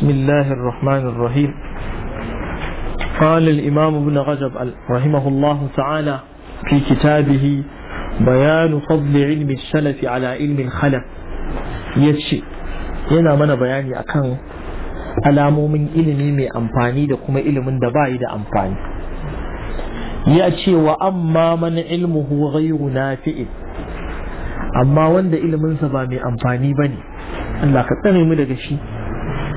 بسم الله الرحمن الرحيم قال الإمام ابن رجب رحمه الله تعالى في كتابه بيان فضل علم السلف على علم الخلف يتشي ينا من بياني أكان alamomin ilimi mai amfani da kuma ilimin da da amfani ya ce wa amma man ilmuhu ghairu nafi'in amma wanda iliminsa ba mai amfani ba ne tsare mu daga shi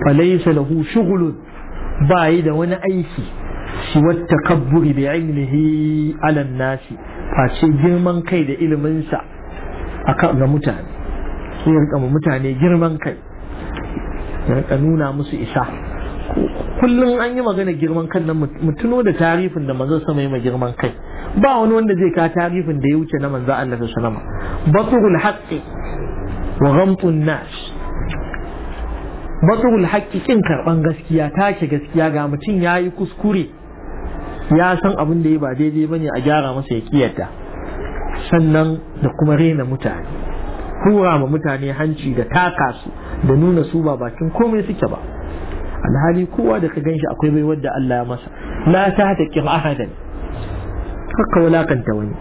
falaysa lahu shughlun ba da wani aiki shi wata kabburi bi ilmihi alan nasi face girman kai da iliminsa akan ga mutane rika mutane girman kai ya rika nuna musu isa kullum an yi magana girman kan nan mutuno da tarifin da manzon sama ma girman kai ba wani wanda zai ka tarifin da ya wuce na manzo Allah sallallahu alaihi wasallam batrul haqqi wa ghamtun nas matsugul haƙƙin karɓan gaskiya take gaskiya ga mutum ya yi kuskure ya san abin da ya ba daidai ba ne a gyara masa ya kiyata. sannan da kuma rena mutane hura ma mutane hanci da taka su da nuna su ba bakin komai suke ba alhali kowa da ka gan shi akwai baiwar da Allah ya masa la ta ta kin ahadan kakka wulakanta wani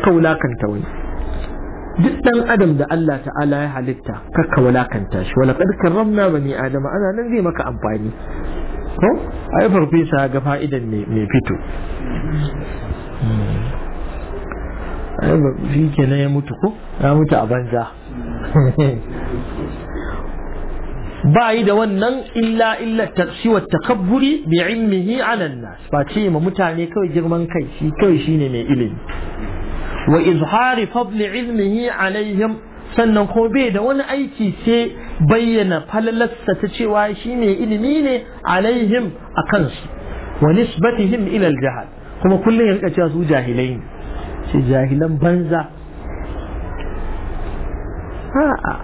ko kakka wani duk dan adam da Allah ta'ala ya halitta kakka walakanta shi wala Ramna karramna bani adama ana nan zai maka amfani ko ai farfesa ga fa'idan ne mai fito hmm. ai ba shi kenan ya mutu ko ya mutu a banza ba yi da wannan illa illa taksiwa takabburi bi ilmihi ala nas ba ce ma mutane kawai girman kai shi kawai shine mai ilimi وإظهار فضل علمه عليهم sannan ko bai da wani aiki sai bayyana falalarsa ta cewa shi ne ilimi ne alaihim a kansu wa nisbatihim ila aljahal kuma kullum ya rika cewa su jahilai ne shi jahilan banza a'a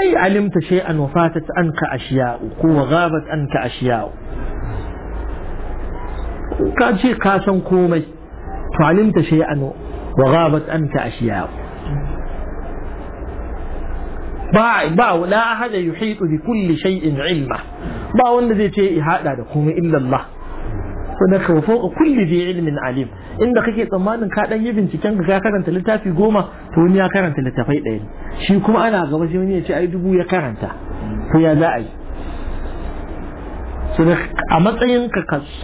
ai alimta shay an wafatat anka ashiya'u ko wa ghabat anka ashiya'u ka ce ka san komai فعلمت شيئا وغابت أنك أشياء ba la ahada yuhitu bi kulli shay'in ilma ba wanda zai ce ihada da komai illa Allah kuma ka fauka kulli bi ilmin alim inda kake tsammanin ka dan yi binciken ka karanta littafi goma to wani ya karanta littafai ɗaya shi kuma ana gaba sai wani ya ce a ai dubu ya karanta to ya za a yi a matsayin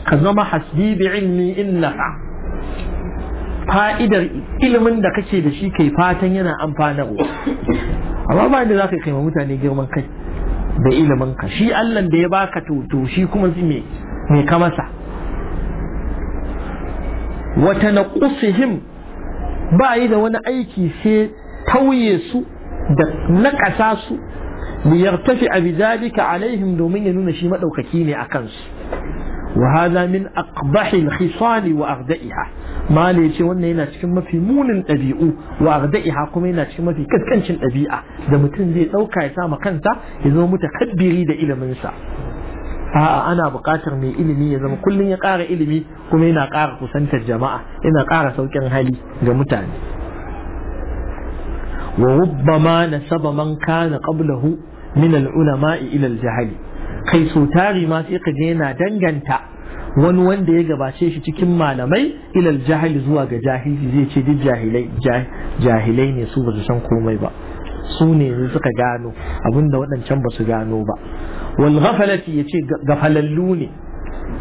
ka zama hasbi bi ilmi in nafa fa'idar ilimin da kake da shi kai fatan yana amfanarwa amma ba da za ka kai mutane girman kai da ilimin ka shi Allah da ya baka to shi kuma me me ka masa wata naqusihim ba yi da wani aiki sai tauye su da naƙasa su liyartafi a bizalika alaihim domin ya nuna shi maɗaukaki ne a kansu wa hada min aqbahil khisali wa agda'iha mala ya ce wannan yana cikin mafi munin ɗabi'u wa agda'iha kuma yana cikin mafi kaskancin ɗabi'a da mutum zai ɗauka ya sama kansa ya zama mutakabbiri da iliminsa a'a ana buƙatar mai ilimi ya zama kullum ya ƙara ilimi kuma yana ƙara kusantar jama'a yana ƙara sauƙin hali ga mutane wa rubbama nasaba man kana qablahu min al-ulama'i ila al-jahali kai so tari ma sai ka je yana danganta wani wanda ya gabace shi cikin malamai ilal jahili zuwa ga jahili zai ce duk jahilai jahilai ne su ba su san komai ba su ne suka gano abinda waɗancan ba su gano ba wal ghafalati yace gafalallu ne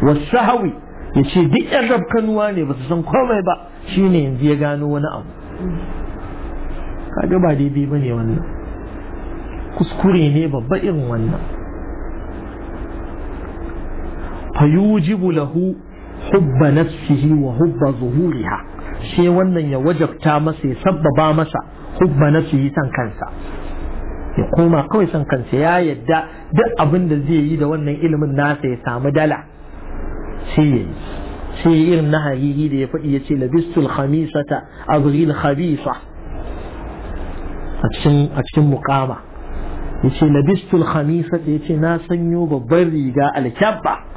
was sahawi yace duk yan rabkanuwa ne ba su san komai ba shine yanzu ya gano wani abu kaga ba daidai bane wannan kuskure ne babba irin wannan fayujibu lahu hubba nafsihi wa hubba zuhuriha sai wannan ya wajabta masa ya sabbaba masa hubba nafsihi kansa ya koma kawai san kansa ya yadda duk abin da zai yi da wannan ilimin nasa ya samu dala sai ya yi sai irin na hariri da ya faɗi ya ce labistul khamisata azril khabisa a cikin mukama ya ce labistul khamisata ya ce na sanyo babban riga alkyabba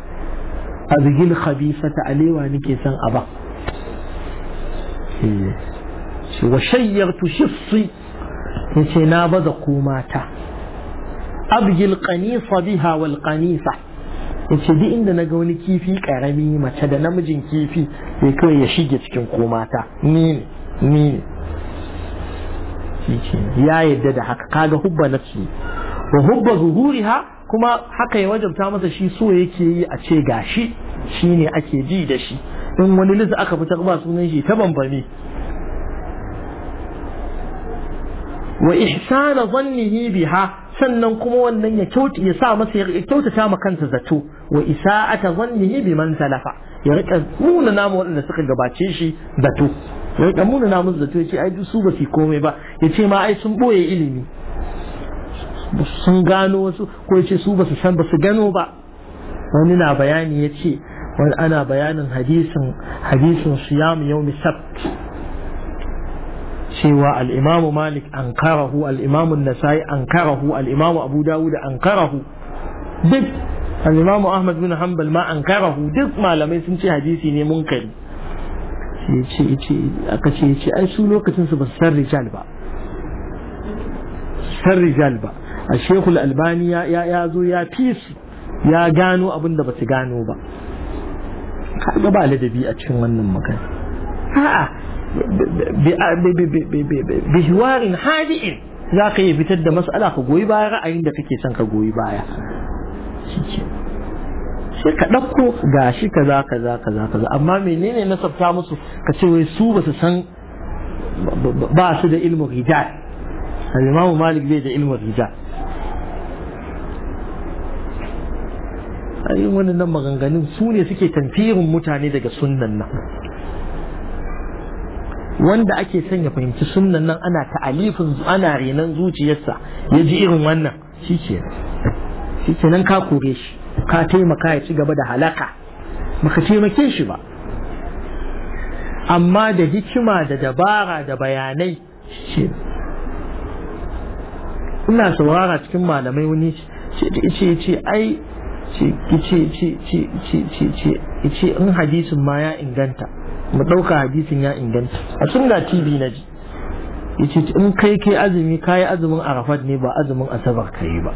azgil khabisata alewa nake san aba shi wa shayyartu shifsi yace na baza komata abgil qanisa biha wal qanisa yace duk inda naga wani kifi karami mace da namijin kifi sai kai ya shige cikin komata ni ne ni ne ya yadda da haka kaga hubba nafsi wa hubba zuhuriha kuma haka ya wajabta masa shi so yake yi a ce gashi shi ne ake ji da shi in wani lissa aka fitar ba sunan shi ta bambami wa ihsana zannihi biha sannan kuma wannan ya kyauta ya sa masa ya kyautata ma kansa zato wa isa'ata zannihi bi man salafa ya rika nuna namu wanda suka gabace shi zato ya rika nuna namu zato ya ce ai duk su ba su komai ba ya ce ma ai sun boye ilimi sun gano wasu ko ya ce su ba su san ba su gano ba wani na bayani ya ce wani ana bayanin hadisin hadisin siyam yawmi sabt cewa al'imamu malik an karahu al'imamu nasai an karahu al'imamu abu dawud an karahu duk al'imamu ahmad bin hanbal ma an karahu duk malamai sun ce hadisi ne munkari aka ce ce ai su lokacin su ba san rijal ba san rijal ba a shekul albani ya zo ya fi su ya gano abin da ba su gano ba kaga ba ladabi a cikin wannan magana a'a bi hiwarin hadi'in za ka yi fitar da mas'ala ka goyi baya ra'ayin da kake son ka goyi baya sai ka ɗauko za ka za ka za amma menene na sabta musu ka ce wai su ba su san ba su da ilmu rijal al-imamu malik bai da ilmu rijal ayin wannan maganganun su ne suke tamfirin mutane daga sunnan nan wanda ake son ya fahimci sunnan nan ana ta'alifin ana renan zuciyarsa ya ji irin wannan shi ke nan ka kore shi ka taimaka ya ci gaba da halaka maka taimake shi ba amma da hikima da dabara da bayanai shi ina saurara cikin malamai wani ce ce ai ce ce ce ce ce ce ce ce in hadisin ma ya inganta mu ɗauka hadisin ya inganta a sun ga tv na ji ya ce in kai kai azumi kayi azumin arafat ne ba azumin asabar kai ba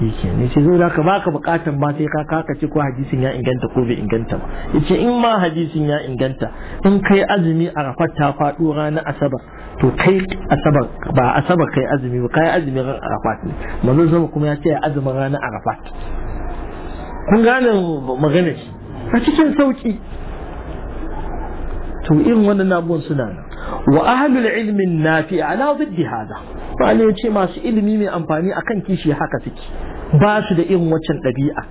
yake ne ce zo ka baka bukatan ba sai ka kaka ci ko hadisin ya inganta ko bai inganta ba yace in ma hadisin ya inganta in kai azumi a rafat ta faɗo rana asabar to kai asabar ba asabar kai azumi ba kai azumi ran arafat ne manzo zama kuma ya ce ya azumin ranar arafat kun gane magana shi a cikin sauki to irin wannan abubuwan suna nan wa ahlul ilmin nafi'a ala hada Bale ya ce masu ilimi mai amfani akan kishi haka suke ba su da irin waccan ɗabi'a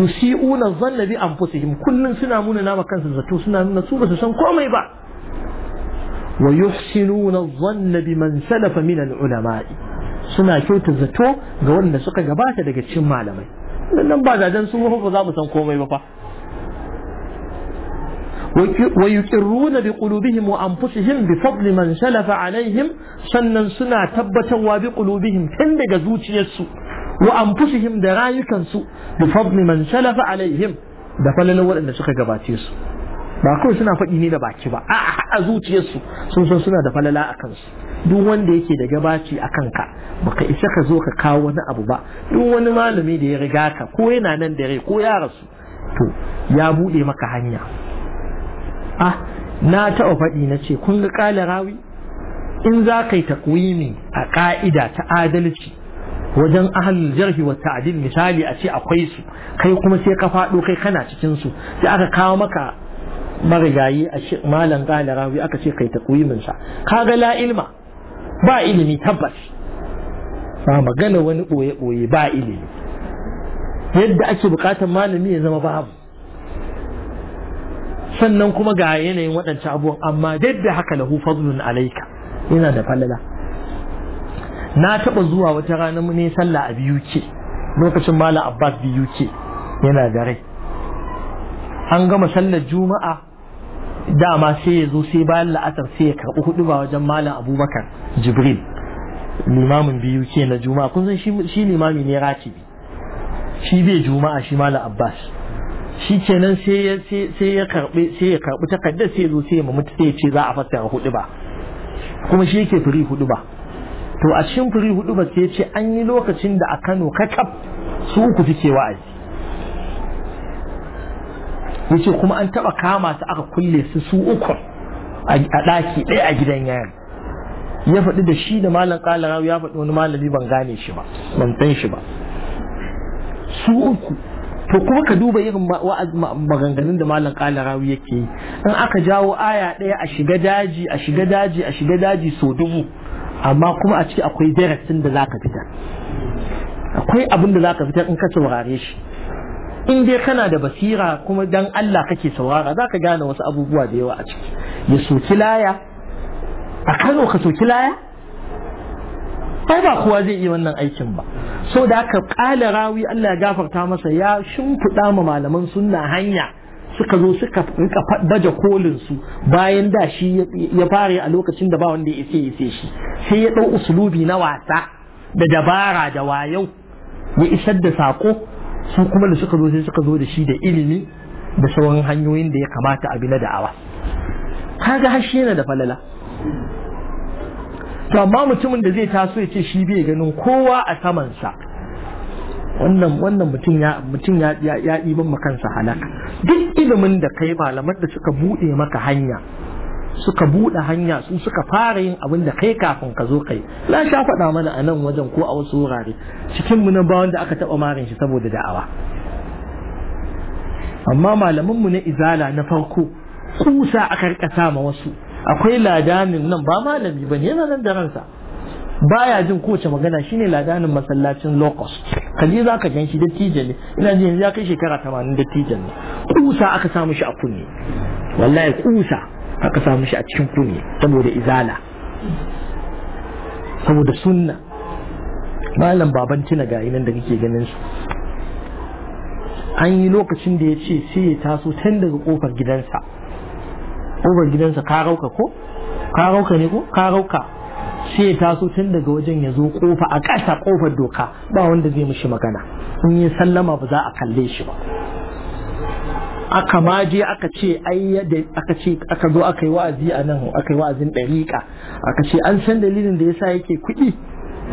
yusi'una zanna bi anfusihim kullun suna nuna nama kansu zato suna nuna su ba su san komai ba wa yuhsinuna zanna bi man salafa min al-ulama'i suna kyauta zato ga wanda suka gabata daga cikin malamai nan ba zaden su ba za mu san komai ba fa ويقرون بقلوبهم وأنفسهم بفضل من سلف عليهم سنن سنة تبتوا بقلوبهم تندق زوج يسو وأنفسهم درايكا سو بفضل من سلف عليهم da falalawar waɗanda suka gabace su ba kawai suna faɗi ne da baki ba a a zuciyarsu sun san suna da falala a kansu duk wanda yake da gabaci a kanka baka isa ka zo ka kawo wani abu ba duk wani malami da ya riga ka ko yana nan da rai ko ya rasu to ya buɗe maka hanya A ah, na taɓa faɗi na ce kun ga ƙala rawi in za ka yi takwimi a ƙa'ida ta adalci wajen ahalin jarhi wa ta'adil misali a ce akwai su kai kuma sai ka faɗo kai kana cikin su sai aka kawo maka marigayi a shi malam ƙala rawi aka ce kai takwiminsa. sa ga la ba ilimi tabbas ba magana wani ɓoye boye ba ilimi yadda ake buƙatar malami ya zama babu sannan kuma ga yanayin waɗancan abubuwan amma duk da haka lahu fadlun alaika yana da falala na taɓa zuwa wata rana ne sallah a biyu ke lokacin mala abbas biyu ke yana da rai an gama sallar juma'a dama sai ya zo sai bayan la'asar sai ya karɓi hudu ba wajen malam abubakar jibril limamin biyu ke na juma'a kun san shi limami ne ratibi shi bai juma'a shi malam abbas shi kenan sai ya karbi sai ya karbi takardar sai zo sai ya mutu sai ya ce za a fassara hudu ba kuma shi yake firi hudu ba to a cikin firi hudu ba sai ce an yi lokacin da a Kano kakaf su uku suke wa'azi yace kuma an taba kama su aka kulle su su uku a daki ɗaya a gidan yari ya faɗi da shi da malam kalarawu ya faɗi wani malami ban gane shi ba ban san shi ba su uku to kuma ka duba irin maganganun da malam kala yake yi in aka jawo aya ɗaya a shiga daji a shiga daji a shiga daji so dubu amma kuma a ciki akwai darasin da zaka fita akwai abin da zaka fita in ka saurare shi in dai kana da basira kuma dan Allah kake saurara zaka gane wasu abubuwa da yawa a ciki ya soki laya a Kano ka soki laya ba kowa zai yi wannan aikin ba so da aka kala rawi Allah ya gafarta masa ya shimfiɗa ma malaman sunna hanya suka zo suka rinka baje kolin su bayan da shi ya fare a lokacin da ba wanda ya ise ise shi sai ya dau usulubi na wasa da dabara da wayau ya isar da sako su kuma da suka zo sai suka zo da shi da ilimi da sauran hanyoyin da ya kamata a bi na da'awa kaga har shi yana da falala to amma mutumin da zai taso ya ce shi bai ganin kowa a samansa wannan wannan mutum ya mutum ya ya iban kansa halaka duk ilimin da kai malamar da suka bude maka hanya suka bude hanya su suka fara yin abin da kai kafin ka zo kai la sha faɗa mana a nan wajen ko a wasu wurare cikin mu na ba wanda aka taɓa marin shi saboda da'awa amma malaman mu na izala na farko kusa aka rika sama wasu akwai ladanin nan ba malami ba ne yana nan da ransa baya jin kowace magana shine ladanin masallacin locust kalli za ka gan shi dattijo ne ina jin yanzu ya kai shekara da tijan ne kusa aka samu shi a kunne wallahi kusa aka samu shi a cikin kunne saboda izala saboda sunna malam baban tina gayi nan da kake ganin su an yi lokacin da ya ce sai ya taso tun daga kofar gidansa kofar gidansa ka rauka ko ka rauka ne ko ka rauka sai ya taso tun daga wajen ya zo kofa a ƙasa kofar doka ba wanda zai mushi magana in yi sallama ba za a kalle shi ba aka ma je aka ce ai da aka ce aka zo aka yi wa'azi a nan aka yi wa'azin dariƙa aka ce an san dalilin da ya sa yake kuɗi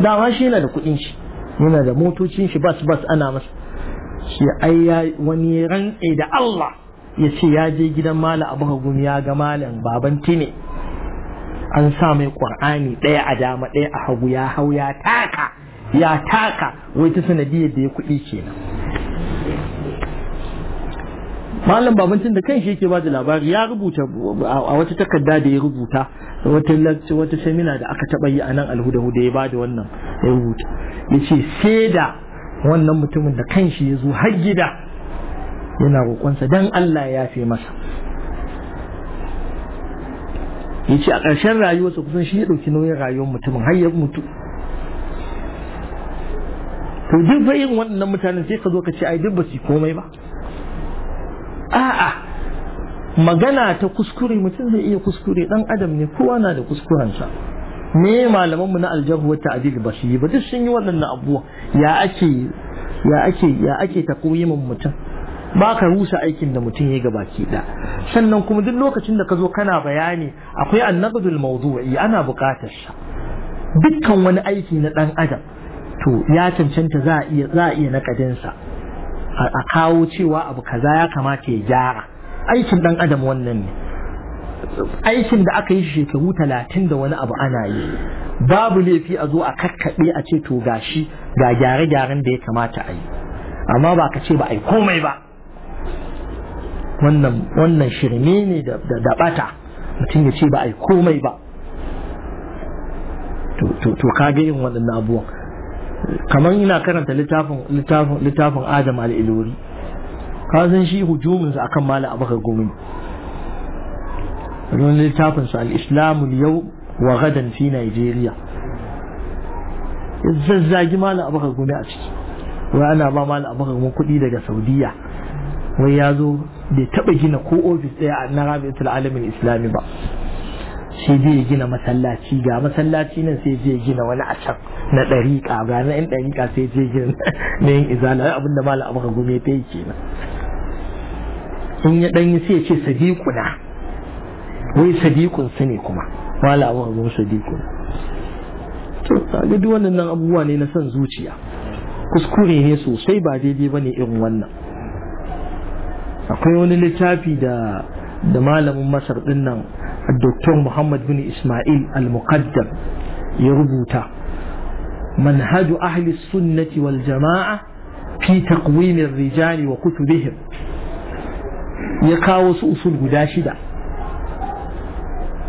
dama shi yana da kuɗin shi yana da motocin shi bas bas ana masa shi ai wani rantse da Allah ya ce ya je gidan mala abu hagun ya ga malam baban tine an sa mai ƙwar'ani ɗaya a dama ɗaya a hagu ya hau ya taka ya taka wai ta sanadiyar da ya kuɗi kenan malam babancin da kan shi yake bada da labari ya rubuta a wata takarda da ya rubuta wata lecture wata seminar da aka taɓa yi a nan alhuda ya ba wannan ya rubuta ya ce sai da wannan mutumin da kan shi ya zo har gida yana roƙonsa dan Allah ya yafe masa ya ce a ƙarshen rayuwarsa kusan shi ya ɗauki nauyin rayuwar mutumin har ya mutu to duk bayin waɗannan mutanen sai ka zo ka ce ai duk ba su komai ba a'a magana ta kuskure mutum zai iya kuskure dan adam ne kowa na da kuskurensa me malaman mu na aljahu wa ta'dil ba su yi ba duk sun yi waɗannan abubuwa ya ake ya ake ya ake mutum ba ka rusa aikin da mutum ya gabaki da sannan kuma duk lokacin da ka zo kana bayani akwai annabdul mawdu'i ana buƙatar sa dukkan wani aiki na dan adam to ya cancanta za a iya na a iya sa a kawo cewa abu kaza ya kamata ya gyara aikin dan adam wannan ne aikin da aka yi shekaru talatin da wani abu ana yi babu laifi a zo a kakkaɓe a ce to gashi ga gyare-gyaren da ya kamata a yi amma ba ka ce ba a yi komai ba wannan wannan shirme ne da bata mutum ya ce ba ai komai ba to to ka ga waɗannan abubuwan kamar ina karanta littafin littafin littafin Adam al-Ilori ka san shi hujumin sa akan mala abaka gumi don littafin sa al-Islam wa gadan fi Nigeria zazzagi mala abaka gomi a ciki wai ana ba mala abaka gomi kuɗi daga Saudiya wai ya zo bai taɓa gina ko ofis ɗaya na rabitul alamin islami ba sai zai gina masallaci ga masallaci nan sai zai gina wani a can na ɗariƙa ga na yan ɗariƙa sai zai gina na yin izala abin da malam abuka gome ta yi kenan in ya ɗanyi sai ya ce sadikuna. wai sadikun su ne kuma malam abuka gome sadiƙuna to ga duk wannan abubuwa ne na son zuciya kuskure ne sosai ba daidai bane irin wannan akwai wani littafi da da malamin masar nan, dr muhammad bin ismail al-muqaddam ya rubuta manhaju ahli sunnati wal jama'a fi taqwimin rijali wa kutubihim ya kawo su usul guda shida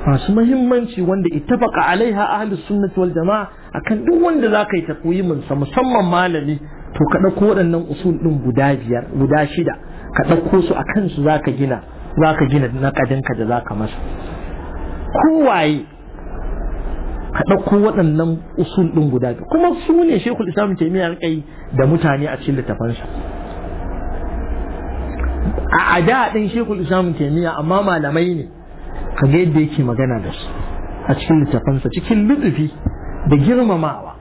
masu mahimmanci wanda ittafaqa alaiha ahli sunnati wal jama'a akan duk wanda zaka yi taqwimin sa musamman malami to ka dauko waɗannan usul din guda biyar guda shida ka ɗauko su a kansu za ka gina za ka gina naƙadinka da za ka masa kowaye ka ɗauko waɗannan usul ɗin guda biyu kuma su ne shekul islam taimiyya rikai da mutane a cikin littafansa a ada ɗin shekul islam taimiyya amma malamai ne ka ga yadda yake magana da su a cikin littafansa cikin lutsufi da girmamawa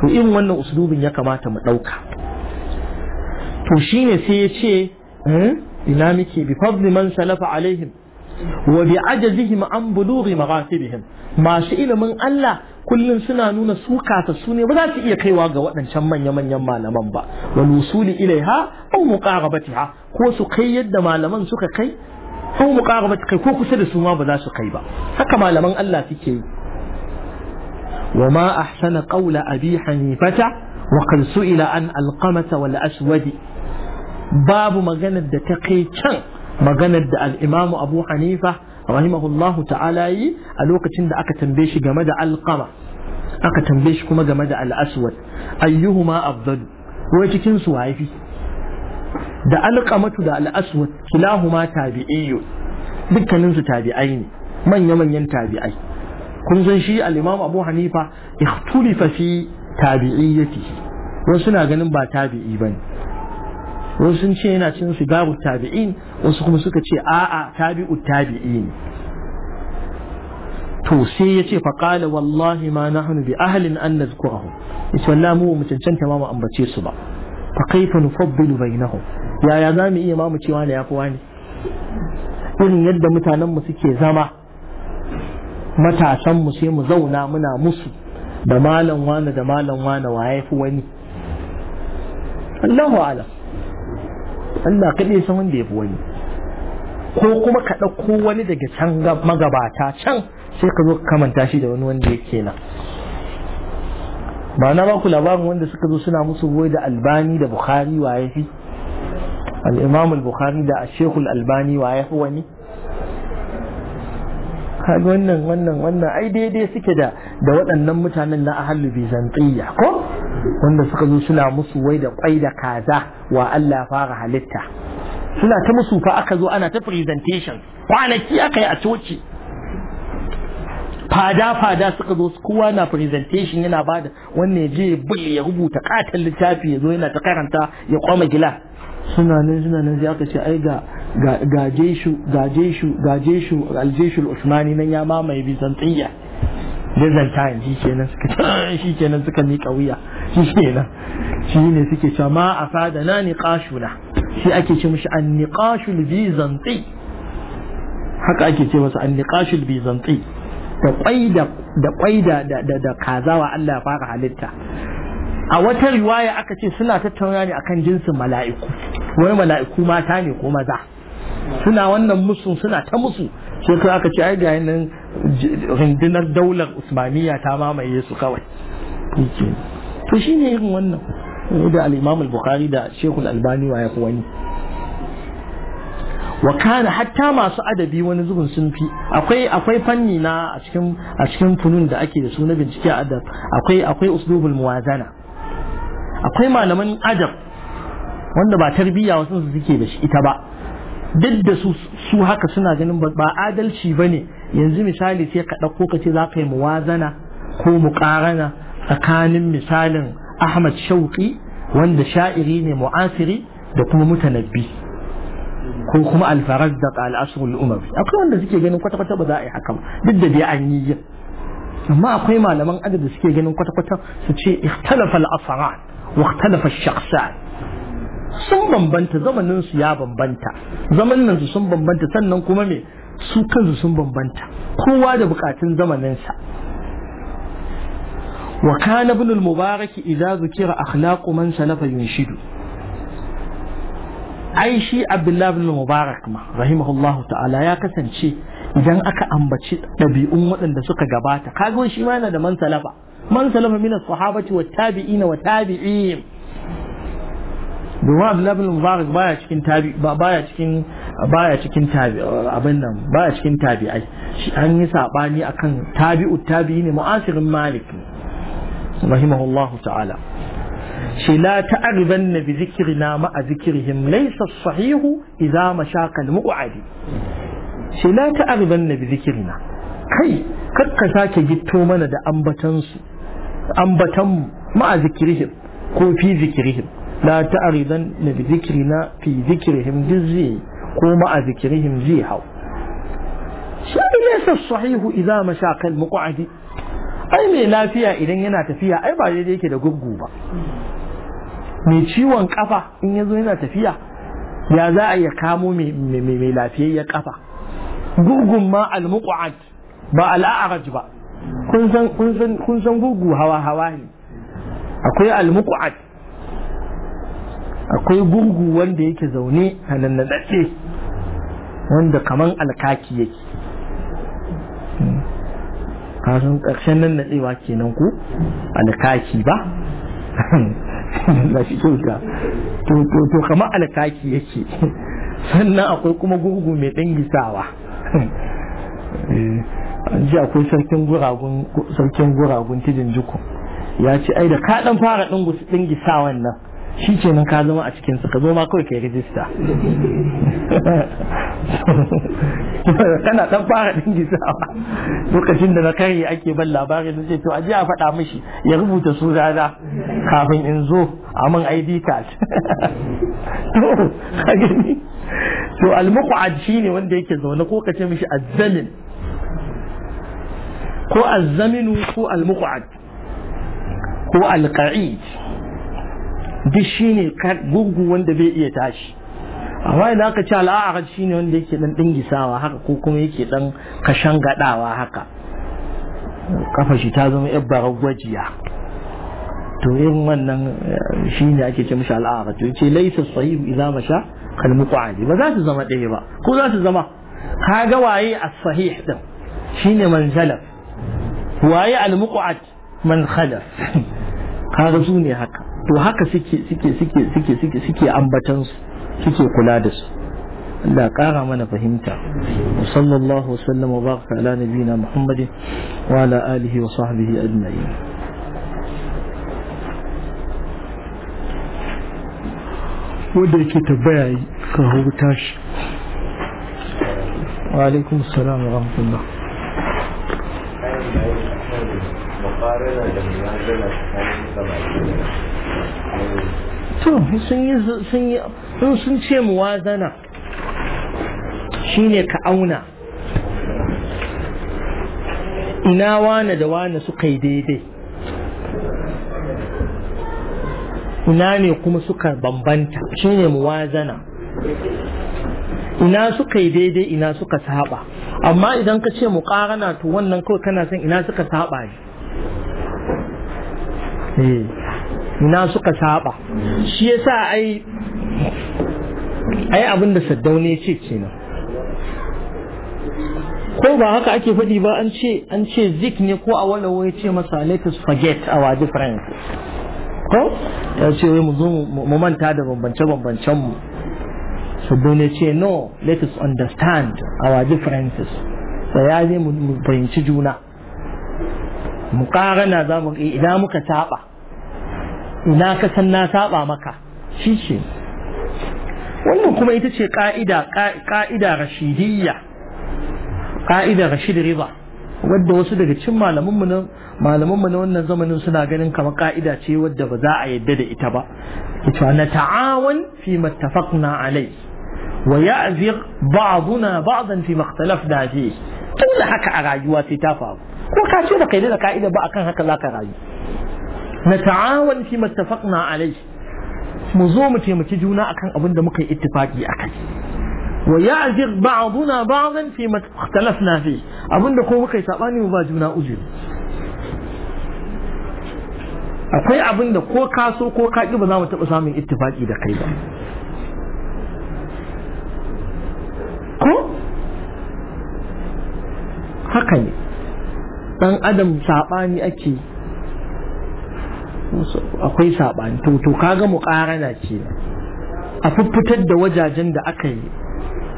to irin wannan usulubin ya kamata mu ɗauka to ne sai ya ce eh, ina muke bi fadli man salafa alaihim wa bi ajazihim an bulughi maratibihim masu ilimin Allah kullum suna nuna su kasassu ne ba za su iya kaiwa ga waɗancan manya-manyan malaman ba wal usuli ilaiha aw muqarabatiha ko su kai yadda malaman suka kai aw muqarabati kai ko kusa da su ma ba za su kai ba haka malaman Allah suke yi wa ma ahsana qawla abi hanifata wa qad su'ila an alqamata wal aswadi babu maganar da ta kai can maganar da al'imamu abu hanifa rahimahullahu ta'ala yi a lokacin da aka tambaye shi game da alƙama aka tambaye shi kuma game da al'aswad ayyuhuma afdalu wai cikin su haifi da alƙamatu da al'aswad kilahuma tabi'iyyu dukkanin su tabi'ai ne manya manyan tabi'ai kun san shi al Abu Hanifa ikhtulifa fi tabi'iyyatihi wasu na ganin ba tabi'i bane wasu sun ce yana cin sigaru tabi'in wasu kuma suka ce a'a tabi'u tabi'in to sai ya ce faƙala wallahi ma nahnu bi ahlin an nazkurahu yace wallahi mu mu cancanta ma mu ambace su ba fa kaifa bai bainahum yaya za mu iya ma mu cewa da yafi wani irin yadda mutanen mu suke zama matasanmu sai mu zauna muna musu da malam wani da malam wani wa yafi wani Allahu a'lam Allah kaɗai san wanda ya fi wani ko kuma ka ɗauko wani daga can magabata can sai ka zo ka kamanta shi da wani wanda yake nan ba na ba ku labarin wanda suka zo suna musu goyi da albani da bukhari wa ya fi al'imamul bukhari da shekul albani wa ya fi wani wannan wannan wannan ai daidai suke da waɗannan mutanen na ahalubi bizantiyya ko wanda suka zo suna musu wai da kwai da kaza wa Allah fara halitta suna ta musu fa aka zo ana ta presentation kwanaki aka yi a coci fada-fada suka zo kowa na presentation yana bada da wannan je bul ya rubuta katon littafi ya zo yana ta karanta ya kwama gila suna nan suna nan sai aka ce ai ga gajeshu gajeshu gajeshu aljeshu usmani nan ya mamaye bizantiyya byzantine shi kenan suka ah, shi kenan suka miƙa wuya shi kenan shi ne suke cewa ma a fada na niqashuna shi ake ce mishi an niqashul byzanti haka ake ce masa an niqashul byzanti da kwai da da kwai da da kazawa Allah ya fara halitta a wata riwaya aka ce suna tattauna ne akan jinsin mala'iku wani mala'iku mata ne ko maza suna wannan musu suna ta musu sai aka ce ai ga nan rundunar daular usmaniya ta mamaye su kawai to shi ne irin wannan da al al-bukhari da shekul albani wa ya wani wa kana hatta masu adabi wani zubin sun fi akwai akwai fanni na a cikin a cikin funun da ake da su na bincike adab akwai akwai uslubul muwazana akwai malaman adab wanda ba tarbiyya wasu su suke da shi ita ba duk da su su haka suna ganin ba adalci bane yanzu misali sai ka ɗauko ka ce za ka yi muwazana ko muƙarana tsakanin misalin Ahmad Shauƙi wanda sha'iri ne mu'asiri da kuma mutanabbi ko kuma alfaraz da al'asrul umar akwai wanda suke ganin kwata-kwata ba za a yi haka duk da dai an yi yin amma akwai malaman da suke ganin kwata-kwata su ce ikhtalafa al-asaran wa ikhtalafa shakhsan sun bambanta zamanin su ya bambanta zamanin su sun bambanta sannan kuma me su kansu sun bambanta kowa da bukatun zamaninsa wa kana ibn al-mubarak idza zukira akhlaqu man salafa yunshidu ai shi abdullah ibn mubarak ma rahimahullahu ta'ala ya kasance idan aka ambaci dabi'un waɗanda suka gabata kaga shi ma yana da man salafa man salafa min as-sahabati wa tabi'ina wa tabi'in domin abdullah ibn mubarak baya cikin tabi baya cikin baya cikin tabi abin nan baya cikin tabi'ai shi an yi sabani akan tabi'u tabi'i ne mu'asirin malik rahimahullahu ta'ala shi la ta'ribanna bi zikrina ma a zikrihim laysa sahihu idza mashaqal mu'adi shi la ta'ribanna bi zikrina kai kakka sake gitto mana da ambatan su ambatan ma zikrihim ko fi zikrihim la ta'ribanna bi zikrina fi zikrihim dizzi ko a zikirihim zai hau shi laysa sahihu idza masha kal muqadi ai mai lafiya idan yana tafiya ai ba daidai yake da gurgu ba mai ciwon kafa in yazo yana tafiya ya za a ya kamo mai lafiyayya kafa gurgun ma al muqad ba al ba kun san kun gurgu hawa hawa ne akwai al muqad akwai gurgu wanda yake zaune a nan wanda kaman alkaki yake hmm. kasan ƙarshen nan natsewa kenan ku alkaki ba na shi kyauta to kama alkaki yake sannan akwai kuma gurgu mai ɗangisawa eh, ji akwai sarkin guragun tijin jiku ya ce ai da ka ɗan fara ɗingisawan nan shi kenan ka zama a cikinsu ka zo ma kawai ka yi rijista Kana dan fara dingisawa lokacin da na karye ake ban labarin sai to aje a faɗa mishi ya rubuta su zaza kafin in zo a man ID card to gani to al-muqad shine wanda yake zaune ko kace mishi azzamin ko azzaminu ko al-muqad ko al-qa'id duk shine gurgu wanda bai iya tashi amma idan aka ce shi shine wanda yake dan dingisawa haka ko kuma yake dan kashan gadawa haka kafa shi ta zama yar gwajiya to irin wannan eh, shine ake ce mishi al'a'araj to ce laisa sahih idza masha kal muqadi ba za su zama ɗaya ba ko za su zama ka ga waye as-sahih din shine man salaf waye al-muqad man khalaf kaga su ne haka to haka suke suke suke suke suke suke ambatan su suke kula da su Allah kara mana fahimta sallallahu wasallam wa baraka ala nabiyina muhammadin wa ala alihi wa sahbihi ajma'in wanda yake tabbaya ka hau tashi wa alaikum assalam wa rahmatullah to sun yi sun yi sun sun ce muwazana shine ka auna ina wane da wane suka yi daidai ina ne kuma suka bambanta shine wazana, ina suka yi daidai ina suka saba amma idan ka ce mu muƙarana to wannan kawai kana son ina suka saba ne Eh, ina suka saba shi yasa ai ai abin da saddaune ce kenan ko ba haka ake faɗi ba an ce an ce zik ne ko a wala ya ce masa let us forget our difference ko ya ce wai mu zo mu manta da bambance bambancen mu saddaune ce no let us understand our differences sai ya mu fahimci juna muqarana za mu ina muka saba ina ka san na saba maka shi ce wannan kuma ita ce ka'ida ka'ida rashidiyya ka'ida rashid riba wadda wasu daga cikin malamanmu na malamanmu na wannan zamanin suna ganin kamar ka'ida ce wadda ba za a yadda da ita ba ita na ta'awan fi mattafaqna alai wa ya'zir ba'duna ba'dan fi makhtalafna fihi tun haka a rayuwa sai ta faru ko ka ce da da ka'ida ba akan haka za ka rayu na ta'awan fi mattafaqna alai mu zo mu taimaki juna akan abin da muka yi ittifaki akai wa ya'zir ba'duna ba'dan fi ma ikhtalafna fi abinda ko muka yi sabani mu ba juna ujiri akwai abin da ko ka so ko ka ba za mu taɓa samun ittifaki da kai ba ko haka ne dan adam saɓani ake akwai saɓani to to kaga mu ƙarana ce a fuffutar da wajajen da aka yi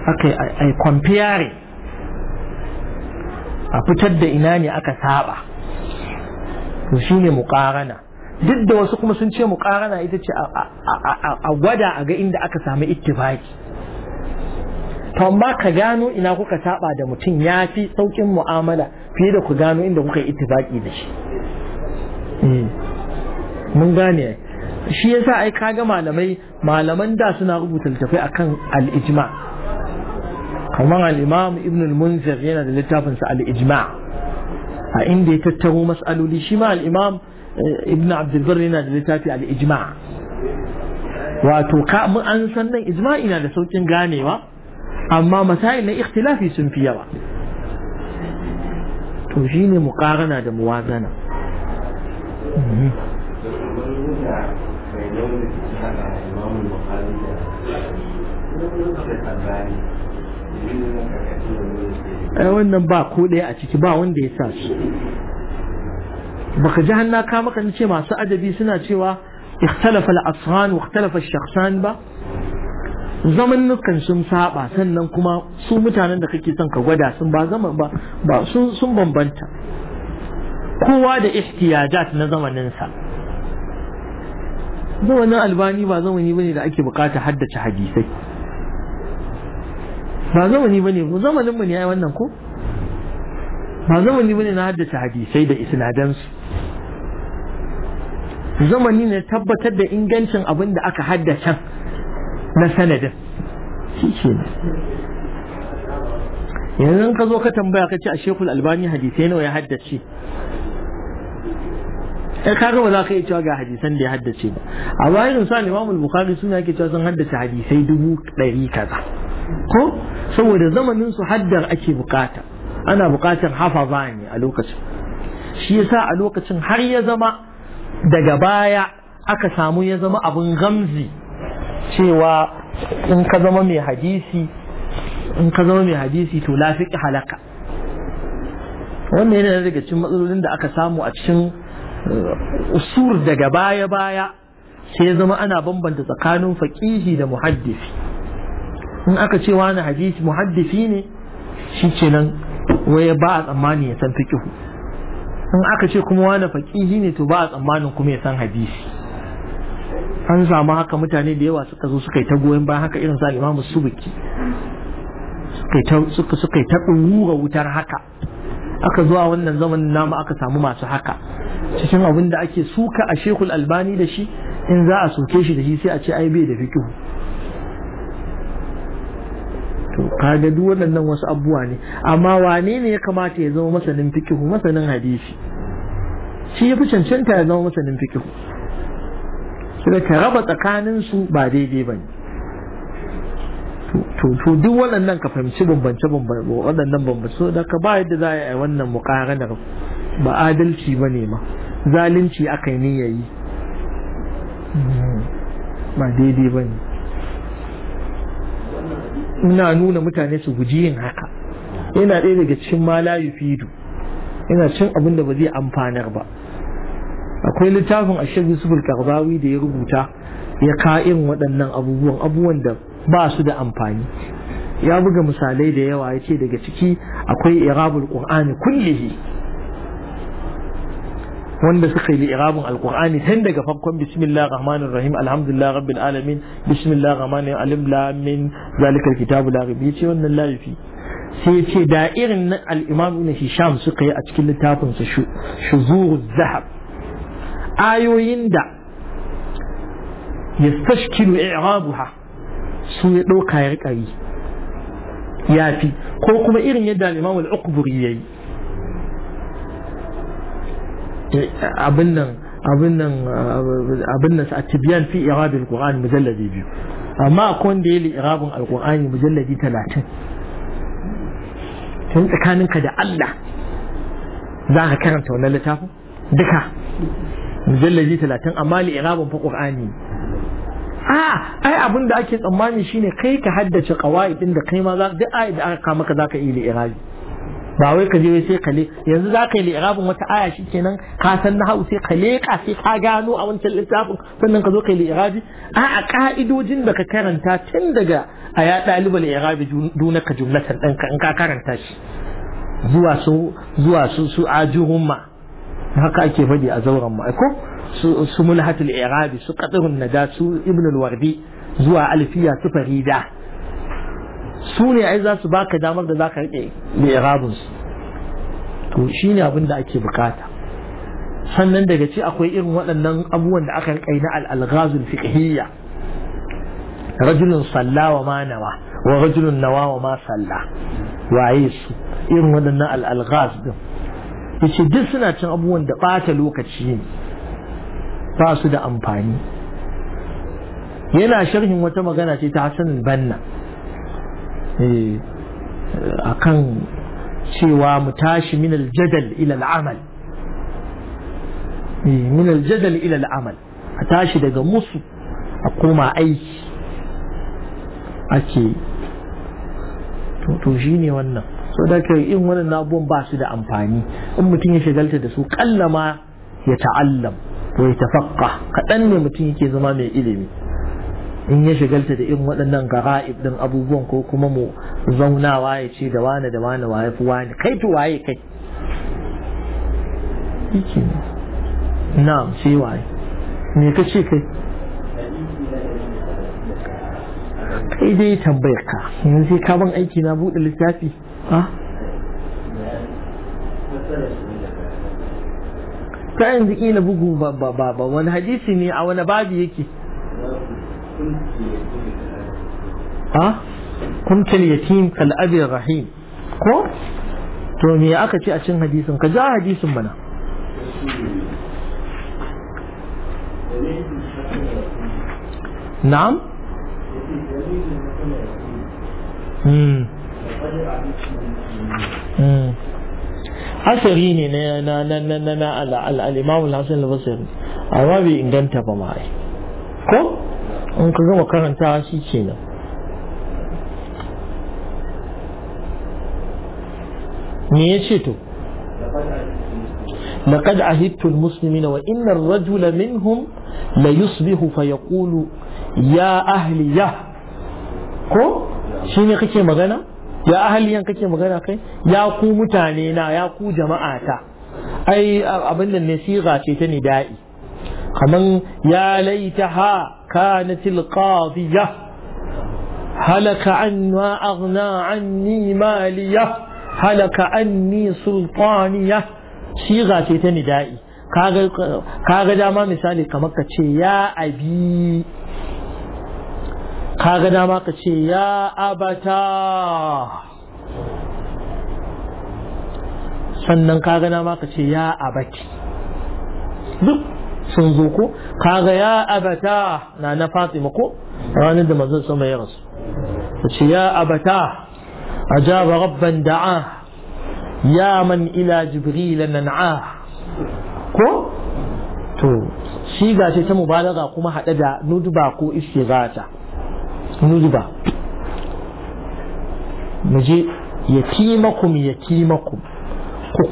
aka yi compare a fitar da ina ne aka saba to shine mu ƙarana duk da wasu kuma sun ce mu ƙarana ita ce a gwada a ga inda aka sami ittifaki to amma ka gano ina kuka saba da mutum ya fi saukin mu'amala fiye da ku gano inda kuka yi itibaki da shi hmm. mun gane shi yasa ai kaga malamai malaman da suna rubuta littafai akan al-ijma kamar al ibn al-munzir yana da littafin sa a inda ya tattaro mas'aloli shi ma al eh, ibn abdul yana da littafi al wato ka mun an san nan ijma'i na da saukin ganewa amma masail na ikhtilafi sun fi yawa to shine muqarana da muwazana ai wannan ba ko ɗaya a ciki ba wanda ya sa su baka ji hannaka maka ni ce masu adabi suna cewa ikhtalafa al-asran wa ikhtalafa al-shakhsan ba zaman nukan sun saba sannan kuma su mutanen da kake son ka gwada sun ba zaman ba ba sun bambanta kowa da ihtiyajat na zamaninsa zamanin albani ba zamani bane da ake bukata haddace hadisai ba zamani bane mu zamanin mu ne ai wannan ko ba zamani bane na haddace hadisai da isnadansu zamani ne tabbatar da ingancin abin da aka haddace na sanadin shi yanzu ka zo ka tambaya ka ce a shekul albani hadisai nawa ya haddace ya eh, kaga ba za ka iya cewa ga hadisan da ya haddace ba a bayan sa imam bukhari suna yake cewa sun haddace hadisai dubu ɗari kaza ko saboda zamanin su haddar ake bukata ana bukatar hafaza ne a lokacin shi yasa a lokacin har ya zama daga baya aka samu ya zama abin gamzi cewa in ka zama mai hadisi in ka zama mai hadisi to lafiƙi halaka wannan yana daga cikin matsalolin da aka samu a cikin uh, usur daga baya-baya sai zama ana bambanta tsakanin faƙihi da muhaddisi in aka ce wani hadisi muhaddisi ne shi ce nan waye ba a tsammani ya san fiƙihu in aka ce kuma wani faƙihi ne to ba a tsammanin kuma ya san hadisi an samu haka mutane da yawa suka zo suka yi ta goyon bayan haka irin sa imamu biki suka yi ta ɗungura wutar haka aka zuwa wannan zaman namu aka samu masu haka cikin abin da ake suka a shekul albani da shi in za a soke shi da shi sai a ce ai bai da fikihu to kaga duk waɗannan wasu abubuwa ne amma wane ne ya kamata ya zama masanin fikihu masanin hadisi shi ya fi cancanta ya zama masanin fikihu sai ka raba tsakaninsu ba daidai ba ne to duk waɗannan ka fahimci bambance bambance waɗannan bambance da ka ba yadda za a yi wannan muƙaranar ba adalci ba ne ma zalunci aka yi yayi hmm, ba daidai ba ne ina nuna mutane su guji yin haka yana ɗaya daga cikin ma la yufidu cin abin da ba zai amfanar ba akwai littafin ashir yusuf al da ya rubuta ya ka irin waɗannan abubuwan abubuwan da ba su da amfani ya buga misalai da yawa ya ce daga ciki akwai irabul qur'ani kullihi wanda suka yi irabun alqur'ani tun daga farkon bismillahir rahmanir rahim alhamdulillah rabbil alamin bismillahir rahmanir alim min zalikal kitabu la raiba yace wannan laifi sai ce da irin al-imam ibn hisham suka yi a cikin littafin su shuzuruz zahab ayoyin da ya tashkilu i'rabuha su ya ɗauka ya riƙa yi ya fi ko kuma irin yadda Imam al-Uqburi yayi eh, abin nan abin nan abin nan at-tibyan fi al Qur'an mujalladi biyu amma akwai wanda yayi i'rabin al quran mujalladi 30 tun tsakaninka da Allah za ka karanta wannan littafin duka mujallaji talatin amma li'irabin fa qur'ani a ai abin da ake tsammani shine kai ka haddace qawaid din da kai ma za duk da aka ka maka zaka yi irabi ba wai ka je sai kale yanzu za ka yi li'irabin wata aya shi kenan ka san na hau sai ka leka sai ka gano a wancan littafin sannan ka zo ka yi li'irabi a a ka'idojin da ka karanta tun daga a ya ɗaliban li'irabi dunaka jumlatan ɗanka in ka karanta shi zuwa su zuwa su su ajuhumma haka ake faɗi a zauren mu aiko su mulhatul irabi su qadirun nada su ibn al-wardi zuwa alfiya su farida su ne ai za su baka damar da zaka rike li'irabun su to shine abin da ake bukata sannan daga ci akwai irin waɗannan abubuwan da aka rike na alalgazun alghazul fiqhiyya rajulun Sallawa ma nawa wa rajulun nawa wa ma salla waye su irin waɗannan al-alghaz din yace duk suna cin abubuwan da ɓata lokaci ne ba su da amfani yana sharhin wata magana ce ta Hassan Banna eh, kan cewa mu tashi min jadal ila al'amal eh, min jadal ila al'amal a tashi daga musu a koma aiki ake to shi ne wannan so da kai in wani nabuwan ba su da amfani in mutum ya shagalta da su kallama ya ta'allam ko ya tafaqqa kaɗan ne mutum yake zama mai ilimi in ya shagalta da irin waɗannan gara'ib ɗin abubuwan ko kuma mu zauna waye ce da wane da wane waye fi wane kai to waye kai yake na'am sai waye me ka ce kai kai dai tambayar ka yanzu sai ka ban aiki na buɗe littafi ta yanzu kila bugu ba wani hadisi ne a wani babi yake a kumtal yatim kal abi rahim ko to me aka ce a cin hadisin ka ja hadisin bana na'am hmm. Hmm. asari ne na na na na na al'imamul hasan al-basri amma bai inganta ba ma ko in ka gama karanta shi kenan me ya ce to لقد عهدت المسلمين وإن الرجل منهم ليصبح فيقول يا أهلي يا كو شنو كيكي magana? ya ahaliyan kake magana kai ya ku mutane na ya ku jama'a ta ai abin da ne ce ta nida'i kaman ya laitaha kanatil qadiyah halaka anna aghna anni maliyah halaka anni sultaniyah siga ce ta nida'i kaga dama misali kamar ka ce ya abi kaga dama ka ce ya abata sannan kaga dama ka ce ya abati duk sun zo ko kaga ya abata na na fatima ko ranar da manzon sama ya rasu Ka ce ya abata a أجاب ربا دعاه يا من إلى جبريل ننعاه ko to shi gashi ta mubalaga kuma haɗe da nuduba ko istighatha نجبا نجي يتيمكم يتيمكم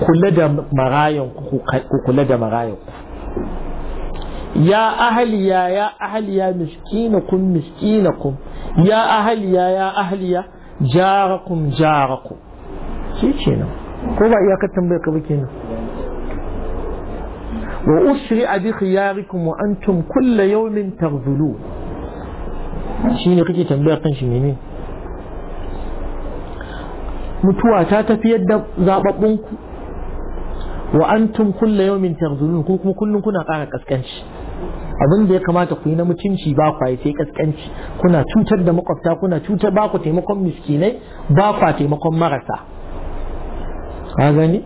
كولدا مغايون كولدا مغايون يا أهل يا يا أهل يا مسكينكم مسكينكم يا أهل يا يا أهل يا جاركم جاركم شي شينا كوبا يا كتم بك بكينا وأسرع بخياركم وأنتم كل يوم تغزلون shi ne kake tambayar kan shi mene mutuwa ta tafi yadda zaɓaɓɓunku wa antum kullu yawmin yau ku kuma kullun kuna ƙara ƙasƙanci abin da ya kamata ku yi na mutunci ba yi sai ƙasƙanci kuna cutar da makwabta kuna cutar ba ku taimakon miskinai ba ku taimakon marasa ka gani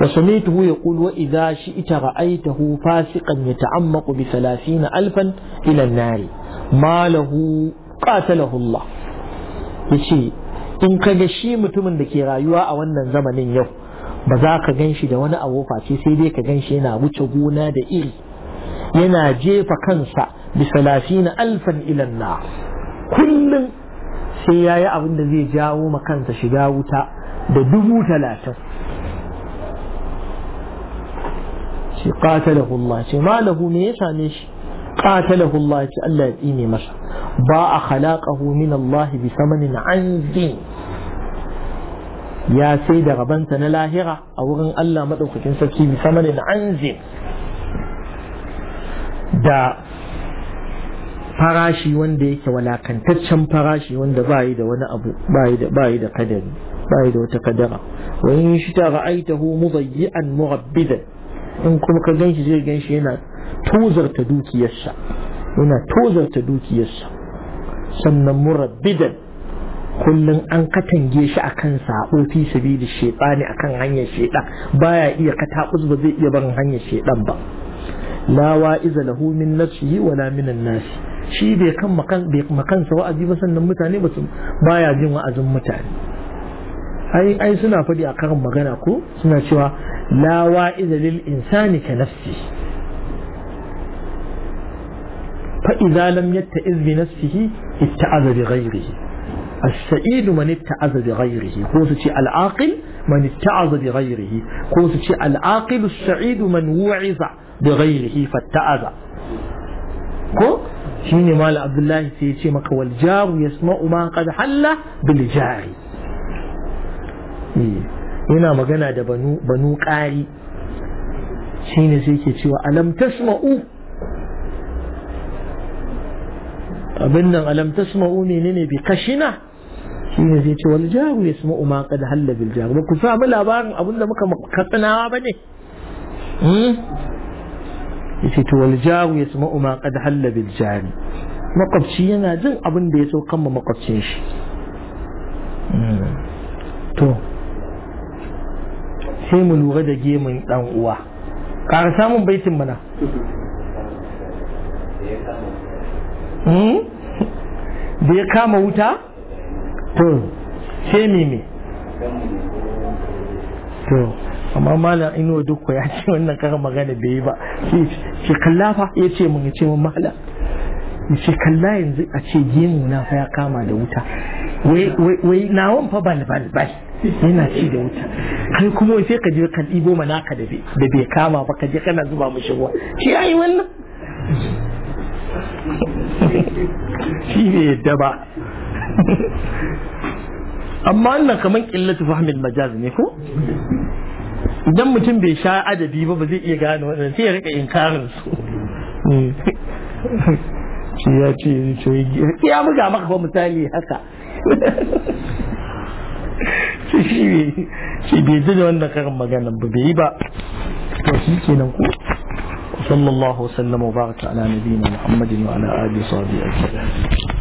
وسمعته يقول وإذا شئت رأيته فاسقا يتعمق بثلاثين ألفا إلى النار ما له قاتله الله يشي in ka ga shi mutumin da ke rayuwa a wannan zamanin yau ba za ka ganshi da wani abu face sai dai ka gan yana wuce gona da iri yana jefa kansa bisa salafina alfan ilanna kullum sai ya yi abin da zai jawo ma kansa shiga wuta da dubu talatin ce qatalahu Allah ce malahu me ya same shi qatalahu Allah ce Allah ya tsine masa ba a khalaqahu min Allah bi samanin anzin ya sai da rabanta na lahira a wurin Allah madaukakin sarki bi samanin anzin da farashi wanda yake walakantaccen farashi wanda ba yi da wani abu ba yi da kadari ba yi da wata kadara wa in shi ta ra'aitahu mudayyi'an murabbidan in kuma ka ganshi zai ganshi yana tozarta dukiyarsa yana tozarta dukiyarsa sannan murabbidan kullum an katange shi kan kan fi sabili a kan hanyar Ba baya iya katabus ba zai iya barin hanyar shaytan ba lawa wa'iza lahu min nafsihi wala min an-nas shi bai kan makan bai sa wa'azi ba sannan mutane ba su baya jin wa'azin mutane ai ai suna faɗi a karin magana ko suna cewa لا واعظ للإنسان كنفسه فإذا لم يتئذ بنفسه اتعذ بغيره السعيد من اتعذ بغيره قوسة العاقل من اتعذ بغيره قوسة العاقل السعيد من وعظ بغيره فاتعذ كو شيني مال عبد الله سيتي ce الجار يسمع ما قد حل بالجاري yana magana da banu ƙari shi ne sai ke cewa alam tasma'u abin nan alam tasma'u menene bi kashina shi ne sai ce wani jaru ya ma umarka da bil jaru ba ku samu labarin abin da muka katsinawa ne hmm? yace to wal jaru ya ma umarka da bil jari makwabci yana jin abin da ya so ma makwabcin shi hmm. to sai mu lura da gemun dan uwa Kare samun baitin mana hmm? da ya kama wuta to sai mimi to amma malam ino duk ya ce wannan kar magana bai yi ba shi kallafa ya ce mun ya ce mun malam ya ce kalla yanzu a ce gemu na fa ya kama da wuta wai nawon fa bal bal bal yana ci da wuta kai kuma sai ka je kan ɗibo ka da da bai kama ba ka je kana zuba mishi ruwa shi yayi wannan shi ne yadda ba amma wannan kamar illatu fahimil majaz ne ko idan mutum bai sha adabi ba ba zai iya gane wannan sai ya rika inkarin su shi ya ce ya buga maka ba misali haka shi bai ji da wannan karin maganan ba bai yi ba to shi kenan ku. sallallahu alaihi wa sallam wa baraka ala nabiyina muhammadin wa ala alihi wa sahbihi ajma'in